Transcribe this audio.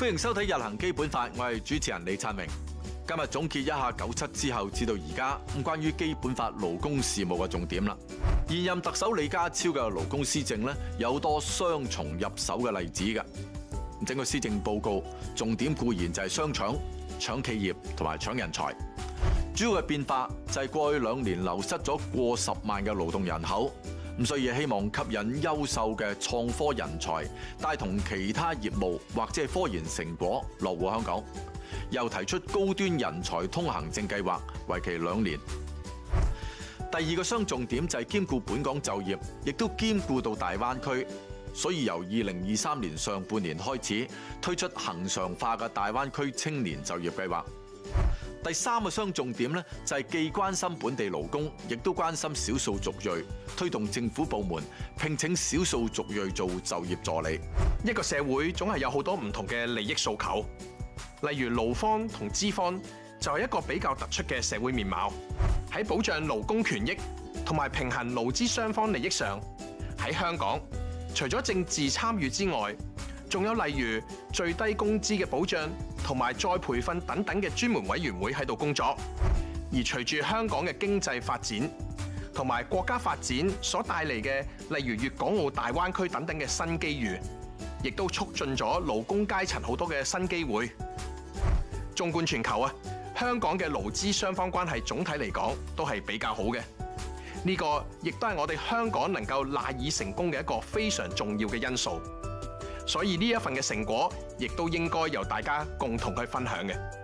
歡迎收睇《日行基本法》，我係主持人李燦榮。今日總結一下九七之後至到而家，關於基本法勞工事務嘅重點啦。現任特首李家超嘅勞工施政呢，有多雙重入手嘅例子㗎。整個施政報告重點固然就係雙搶，搶企業同埋搶人才。主要嘅變化就係過去兩年流失咗過十萬嘅勞動人口。咁所以希望吸引優秀嘅創科人才，帶同其他業務或者科研成果落戶香港。又提出高端人才通行證計劃，為期兩年。第二個雙重點就係兼顧本港就業，亦都兼顧到大灣區，所以由二零二三年上半年開始推出恒常化嘅大灣區青年就業計劃。第三個相重點咧，就係既關心本地勞工，亦都關心少數族裔，推動政府部門聘請少數族裔做就業助理。一個社會總係有好多唔同嘅利益訴求，例如勞方同資方就係一個比較突出嘅社會面貌。喺保障勞工權益同埋平衡勞資雙方利益上，喺香港除咗政治參與之外，仲有例如最低工資嘅保障。同埋再培訓等等嘅專門委員會喺度工作，而隨住香港嘅經濟發展同埋國家發展所帶嚟嘅，例如粵港澳大灣區等等嘅新機遇，亦都促進咗勞工階層好多嘅新機會。縱觀全球啊，香港嘅勞資雙方關係總體嚟講都係比較好嘅，呢個亦都係我哋香港能夠賴以成功嘅一個非常重要嘅因素。所以呢一份嘅成果，亦都應該由大家共同去分享嘅。